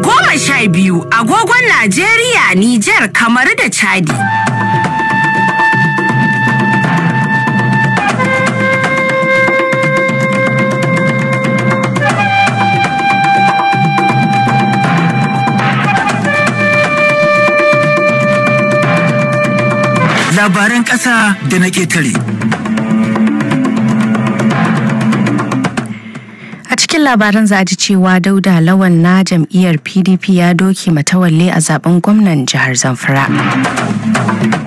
goma sha biyu agogon Najeriya, Nijar, kamar da Chadi. Labaran ƙasa da na ƙetare. labaran za a ji cewa dauda lawan na jam'iyyar pdp ya doke matawalle a zaben gwamnan jihar zamfara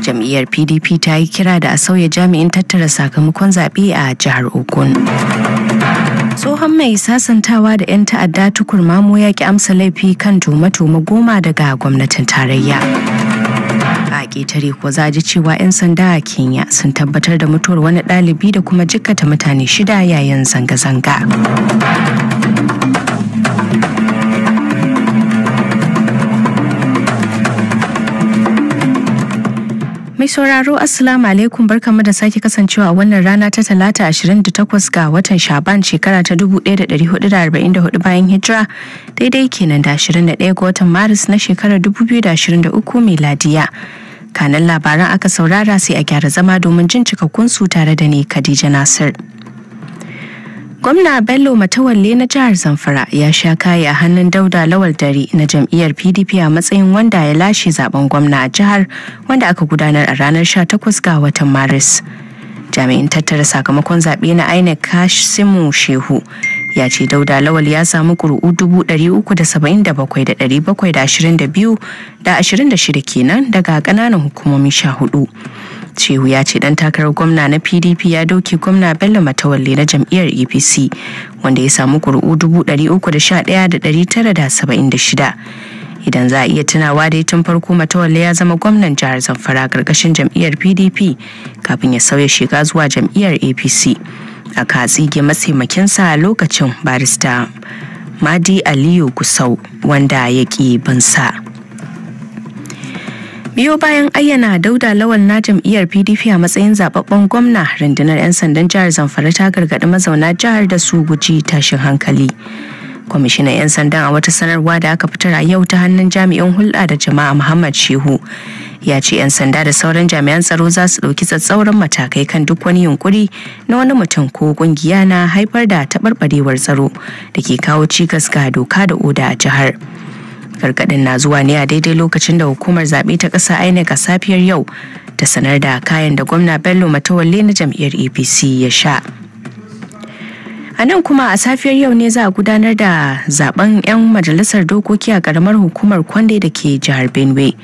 jam'iyyar pdp ta yi kira da a sauya jami'in tattara sakamakon zaɓe a jihar ogun tsohon mai sasantawa da 'yan ta'adda tukur mamu ya ki amsa laifi kan tumatuma goma daga gwamnatin tarayya ƙetare ko za ji cewa 'yan sanda a Kenya sun tabbatar da mutuwar wani ɗalibi da kuma jikkata mutane shida yayin zanga-zanga. Mai sauraro Assalamu alaikum barkamu da sake kasancewa a wannan rana ta talata 28 ga watan Shaban shekara ta 1444 bayan hijira daidai kenan da 21 ga watan Maris na shekarar 2023 miladiya. kanan labaran aka saurara sai a gyara zama domin jin cikakkunsu tare da ni Khadija Nasir. Gwamna Bello Matawalle na jihar Zamfara ya sha kayi a hannun Dauda Lawal Dare na jam'iyyar PDP a matsayin wanda ya lashe zaben gwamna a jihar wanda aka gudanar a ranar 18 ga watan Maris. Jami'in tattara sakamakon zaɓe na INEC Kasimu Shehu ya ce dauda lawal ya samu ƙuri'u 377,722 da 26 kenan daga ƙananan hukumomi 14 cewu ya ce dan takarar gwamna na pdp ya doki gwamna bello matawalle na jam'iyyar apc wanda ya samu da 311,976 idan za a iya tunawa dai tun farko matawalle ya zama gwamnan jihar zamfara karkashin jam'iyyar pdp kafin ya sauya shiga zuwa jam'iyyar apc katsige tsige a lokacin barista madi aliyu kusau wanda ya ƙi binsa biyo bayan ayyana dauda lawal na jam'iyyar pdp a matsayin zababben gwamna rundunar 'yan sandan jihar zamfara ta gargaɗi mazauna jihar da su guji tashin hankali kwamishinan 'yan sandan a wata sanarwa da aka fitar a yau ta hannun jami'in hulɗa da jama'a muhammad shehu ya ce 'yan sanda da sauran jami'an tsaro za su ɗauki tsatsauran matakai kan duk wani yunkuri na wani mutum ko kungiya na haifar da taɓarɓarewar tsaro da ke kawo cikas ga doka da oda a jihar. gargadin na zuwa ne a daidai lokacin da hukumar zaɓe ta ƙasa inec a safiyar yau ta sanar da kayan da gwamna bello matawalle na jam'iyyar apc ya sha a nan kuma a safiyar yau ne za a gudanar da zaben 'yan majalisar dokoki a ƙaramar hukumar kwande da ke jihar benue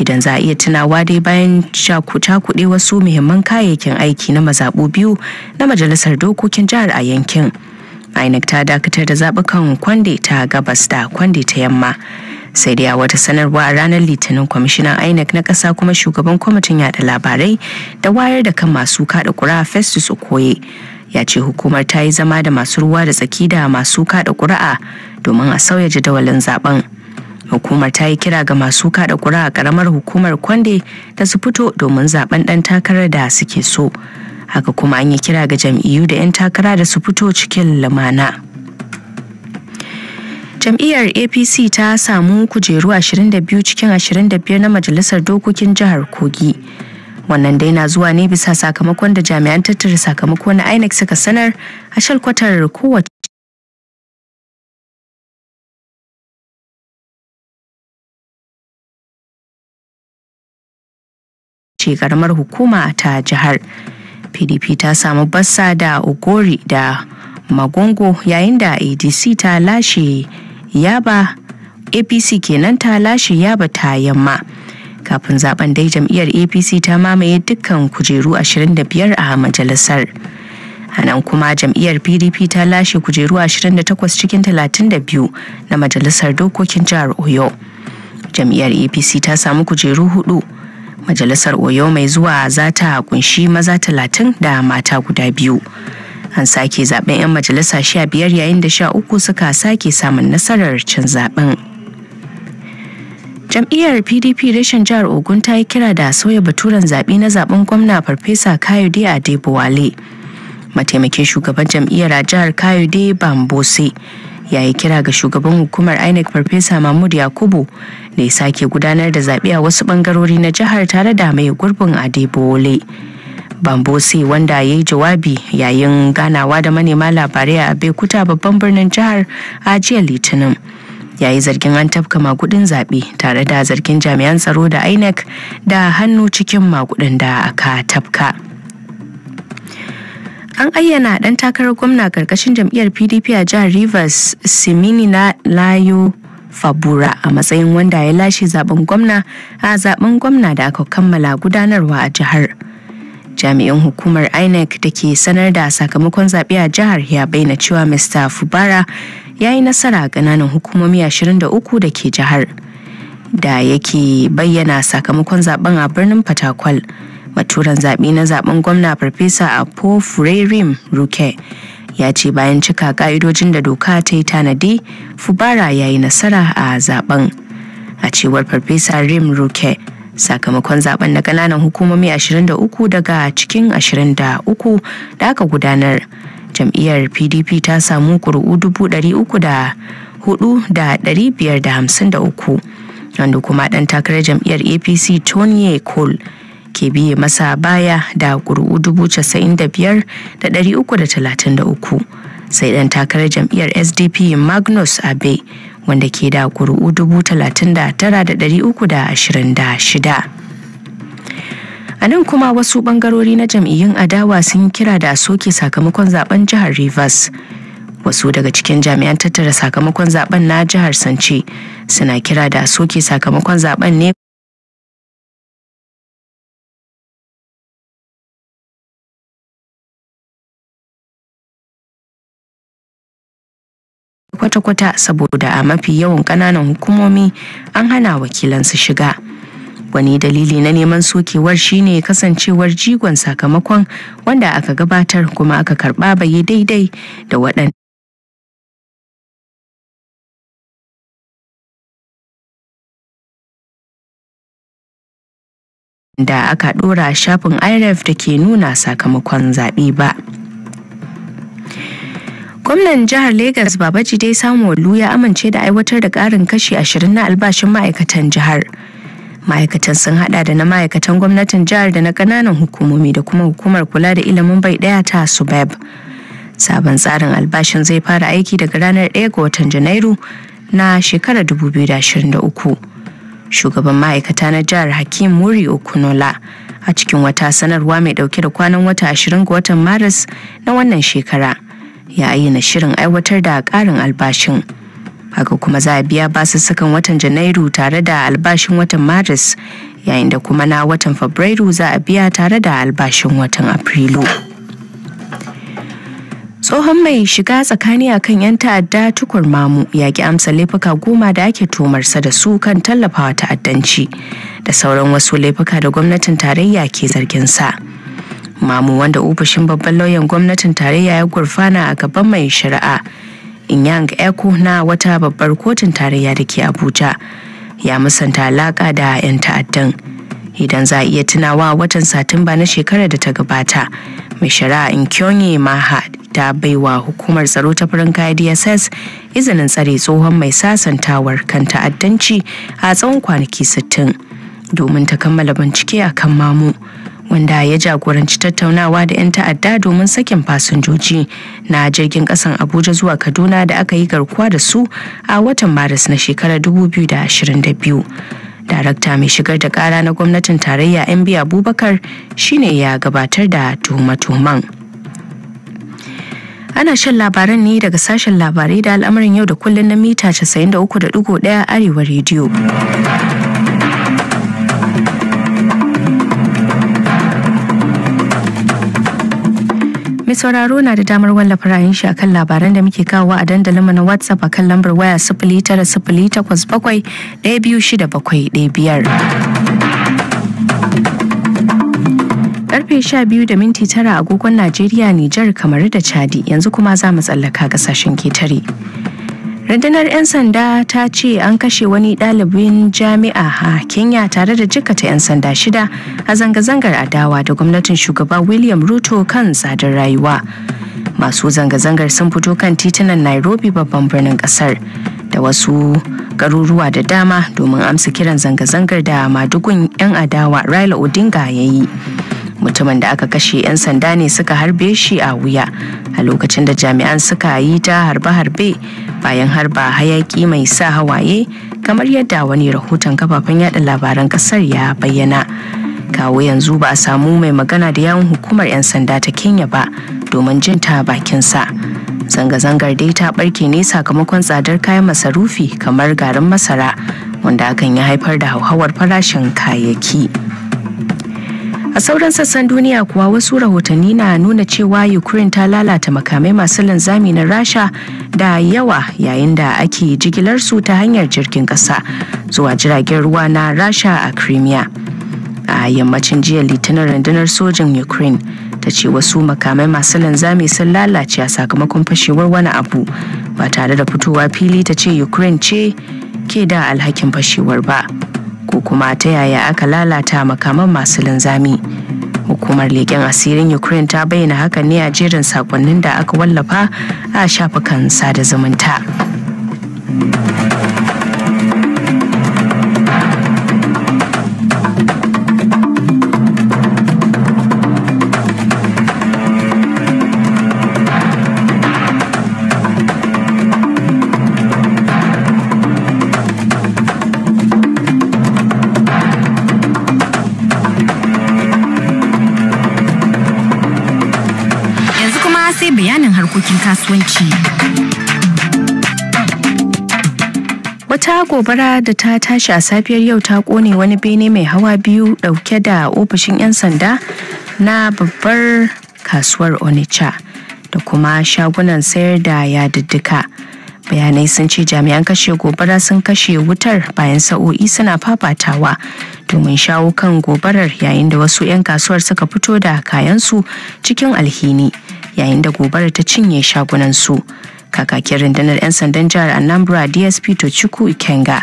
idan za a iya tunawa dai bayan cakuɗe wasu muhimman kayayyakin aiki na mazaɓu biyu na majalisar dokokin jihar a yankin inec ta dakatar da zabukan kwande ta gabas da kwande ta yamma sai dai a wata sanarwa a ranar litinin kwamishinan inec na ƙasa kuma shugaban kwamitin yada labarai da wayar da kan masu kaɗa ƙura festus okoye ya ce hukumar ta yi zama da masu ruwa da tsaki da masu kaɗa ƙuri'a domin a sauya jadawalin zaben hukumar ta yi kira ga masu kada kura a karamar hukumar kwande da su fito domin zaben dan takarar da suke so haka kuma an yi kira ga jam'iyyu da 'yan takara da su fito cikin lumana. jam'iyyar apc ta samu kujeru 22 cikin 25 na majalisar dokokin jihar kogi wannan dai na zuwa ne bisa sakamakon da jami'an tattara sakamako na inec suka sanar a shalkwatar kowace ce karamar hukuma ta jihar pdp ta samu bassa da ogori da magongo yayin da adc ta lashe yaba apc kenan ta lashe yaba ta yamma kafin zaben dai jam'iyyar apc ta mamaye dukkan kujeru 25 a majalisar a nan kuma jam'iyyar pdp ta lashe kujeru 28 cikin 32 na majalisar dokokin jihar oyo jam'iyyar apc ta samu kujeru hudu majalisar oyo mai zuwa za ta kunshi maza talatin da mata guda biyu an sake zaben 'yan majalisa sha biyar yayin da sha uku suka sake samun nasarar cin zaben jam'iyyar pdp rashin jihar ogun ta yi kira da sauya baturen zaɓe na zaɓen gwamna farfesa kayode adebowale mataimakin shugaban jam'iyyar a jihar kayode bambose ya yi kira ga shugaban hukumar inec farfesa mahmud yakubu da ya sake gudanar da zaɓe a wasu ɓangarori na jihar tare da mai gurbin adebole bambose wanda ya yi jawabi yayin ganawa da manema labarai a bekuta babban birnin jihar a jiya litinin ya yi zargin an tafka magudin zaɓe tare da zargin jami'an tsaro da inec da hannu cikin makudin da aka tafka. An ayyana ɗan takarar gwamna karkashin jam'iyyar PDP a jihar Rivers Simini na Layo Fabura a matsayin wanda ya lashe zaben gwamna a zaben gwamna da aka kammala gudanarwa a jihar. Jami'in hukumar INEC da ke sanar da sakamakon zaɓe a jihar ya bayyana cewa Mr. Fubara ya yi nasara a ƙananan hukumomi 23 da ke jihar. Da yake bayyana sakamakon zaben a birnin Fatakwal. baturan zaɓe na zaɓen gwamna farfesa a po ruke ya ce bayan cika ƙa'idojin da doka ta yi tanadi fubara ya yi nasara a zaɓen a cewar farfesa rim ruke sakamakon zaɓen na ƙananan hukumomi 23 daga cikin 23 da aka gudanar jam'iyyar pdp ta samu kuri'u 300,553 wanda kuma ɗan takarar jam'iyyar apc tony cole ke biye masa baya da ƙuri'u uku sai ɗan takarar jam'iyyar sdp magnus abe wanda ke da ƙuri'u shida. a nan kuma wasu ɓangarori na jam'iyyun adawa sun kira da soke sakamakon zaben jihar rivers wasu daga cikin jami'an tattara sakamakon zaben na jihar sance suna kira da soke sakamakon zaben ne kwata-kwata saboda a mafi yawan ƙananan hukumomi an hana wakilansu shiga. Wani dalili na neman sokewar shine kasancewar jigon sakamakon wanda aka gabatar kuma aka karɓa bai daidai da waɗanda. da aka ɗora shafin irf da ke nuna sakamakon zaɓe ba. Gwamnan jihar Legas dai samu olu ya amince da aiwatar da ƙarin kashi ashirin na albashin ma'aikatan jihar. Ma'aikatan sun hada da na ma'aikatan gwamnatin jihar da na ƙananan hukumomi da kuma hukumar kula da ilimin bai ɗaya ta Subeb. Sabon tsarin albashin zai fara aiki daga ranar 1 ga watan Janairu na shekarar 2023. shugaban ma'aikata na jihar hakim muri okunola a cikin wata sanarwa mai dauke da kwanan wata 20 ga watan maris na wannan shekara ya ayyana shirin aiwatar da karin albashin haka kuma za a biya sakan watan janairu tare da albashin watan maris yayin da kuma na watan fabrairu za a biya tare da albashin watan afrilu tsohon mai shiga tsakani a kan 'yan ta'adda tukur mamu ya ki amsa laifuka goma da ake tomarsa da su kan tallafawa ta'addanci da sauran wasu laifuka da gwamnatin tarayya ke zargin sa. mamu wanda ofishin babban lauyan gwamnatin tarayya ya gurfana a gaban mai shari'a inyang eko na wata babbar kotun tarayya da ke abuja ya musanta alaka da 'yan ta'addan idan za a iya tunawa watan satumba na shekarar da ta gabata mai shari'a inkyonye maha ta baiwa hukumar tsaro ta farin kaya dss izinin tsare tsohon mai sasantawar kan ta'addanci a tsawon kwanaki 60 domin ta kammala bincike a kan mamu wanda ya jagoranci tattaunawa da 'yan ta'adda domin sakin fasinjoji na jirgin kasan abuja zuwa kaduna da aka yi garkuwa da su a watan maris na shekarar 2022 darakta mai shigar da kara na gwamnatin tarayya mb abubakar shine ya gabatar da tuhuma ana shan labaran ne daga sashen labarai da al'amarin yau da kullun na mita 93.1 arewa rediyo Mai sauraro na da damar wallafa ra'ayin shi akan labaran da muke kawo a dandalin mu na WhatsApp akan lambar waya 0908 12675 karfe 12 da minti tara agogon Najeriya, Nijar, kamar da Chadi yanzu kuma za mu tsallaka kasashen ketare. rundunar 'yan sanda ta ce an kashe wani ɗalibin jami'a a kenya tare da jikata 'yan sanda shida a zanga-zangar adawa da gwamnatin shugaba william ruto kan tsadar rayuwa masu zanga-zangar sun fito kan titunan nairobi babban birnin kasar da wasu garuruwa da dama domin amsa kiran zanga-zangar da madugun 'yan adawa raila odinga ya yi mutumin da aka kashe 'yan sanda ne suka harbe shi a wuya a lokacin da jami'an suka yi ta harbe-harbe bayan har ba hayaki mai sa hawaye kamar yadda wani rahoton kafafen yada labaran kasar ya bayyana kawo yanzu ba a samu mai magana da yawon hukumar 'yan sanda ta kenya ba domin jin ta bakinsa zanga-zangar dai ta barke ne sakamakon tsadar kayan masarufi kamar garin masara wanda hakan ya haifar da hauhawar farashin kayayyaki. A sauran sassan duniya kuwa wasu rahotanni na nuna cewa Ukraine ta lalata makamai masu linzami na Rasha da yawa yayin da ake jigilarsu ta hanyar jirgin ƙasa zuwa jiragen ruwa na Rasha a Crimea. A yammacin jiya litinin rundunar sojin Ukraine ta ce wasu makamai masu linzami sun lalace a sakamakon fashewar wani abu ba tare da fitowa fili ta ce Ukraine ce ke da alhakin fashewar ba. ko kuma ta yaya aka lalata makaman masu linzami hukumar leƙen asirin ukraine ta bayyana hakan ne a jerin sakonnin da aka wallafa a shafukan sada zumunta sai bayanin harkokin kasuwanci. Wata gobara da ta tashi a safiyar yau ta kone wani bene mai hawa biyu dauke da ofishin 'yan sanda na babbar kasuwar Onitsha da kuma shagunan sayar da yadiddika. bayanai sun ce jami'an kashe gobara sun kashe wutar bayan sa'o'i suna fafatawa domin shawo kan gobarar yayin da wasu 'yan kasuwar suka fito da kayansu cikin alhini yayin da gobara ta cinye shagunan su kakakin rundunar 'yan sandan jihar anambra dsp tochukwu ikenga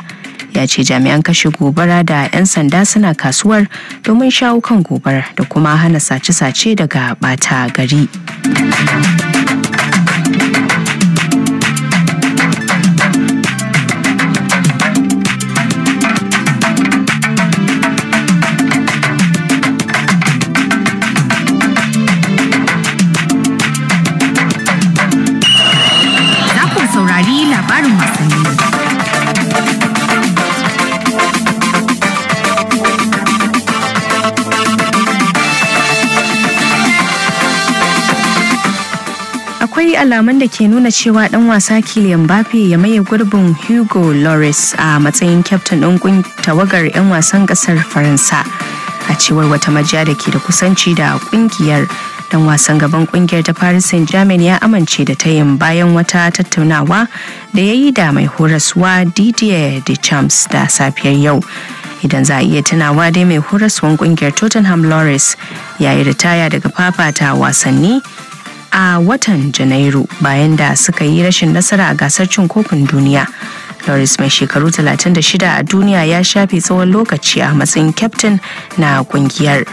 ya ce jami'an kashe gobara da 'yan sanda suna kasuwar domin shawo kan gobara da kuma hana sace-sace daga bata gari alamun da ke nuna cewa dan wasa Kylian Mbappe ya maye gurbin Hugo Lloris a matsayin kyaftin ɗin tawagar 'yan wasan ƙasar Faransa. A cewar wata majiya da ke da kusanci da ƙungiyar dan wasan gaban kungiyar ta Paris Saint-Germain ya amince da ta yin bayan wata tattaunawa da ya yi da mai horaswa Didier Deschamps da safiyar yau. idan za a iya tunawa dai mai horaswan kungiyar tottenham loris ya yi ritaya daga fafata wasanni a watan janairu bayan da suka yi rashin nasara a gasar cin kofin duniya Loris mai shekaru 36 a duniya ya shafe tsawon lokaci a matsayin kyaftin na kungiyar.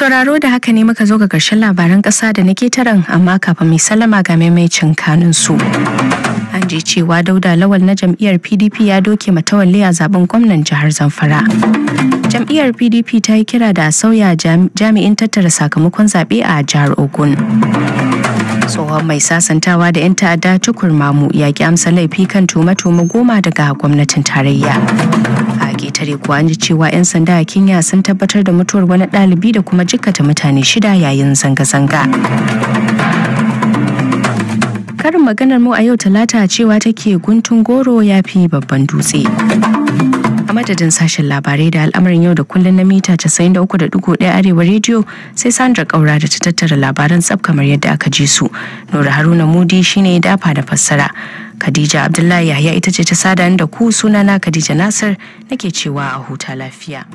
sauraro da haka ne muka zo ga ƙarshen labaran ƙasa da nake taran amma kafin mai sallama ga maimaicin kanin su. An ji cewa Dauda Lawal na jam'iyyar PDP ya doke matawalle a zaben gwamnan jihar Zamfara. Jam'iyyar PDP ta yi kira da sauya jami'in tattara sakamakon zaɓe a jihar Ogun. tsohon mai sasantawa da 'yan ta'adda tukur mamu ya ki amsa laifi kan tuma-tuma goma daga gwamnatin tarayya a ƙetare kuwa an ji cewa 'yan sanda a kenya sun tabbatar da mutuwar wani ɗalibi da kuma jikkata mutane shida yayin zanga-zanga karin maganar mu a yau talata cewa take guntun goro ya fi babban dutse. a madadin sashen labarai da al'amarin yau da kullun na mita 93.1 arewa rediyo sai sandra kaura da ta tattara labaran tsab kamar yadda aka ji su nora haruna mudi shine dafa da fassara khadija abdullahi yahya ita ce ta sada da ku sunana khadija nasir nake cewa a huta lafiya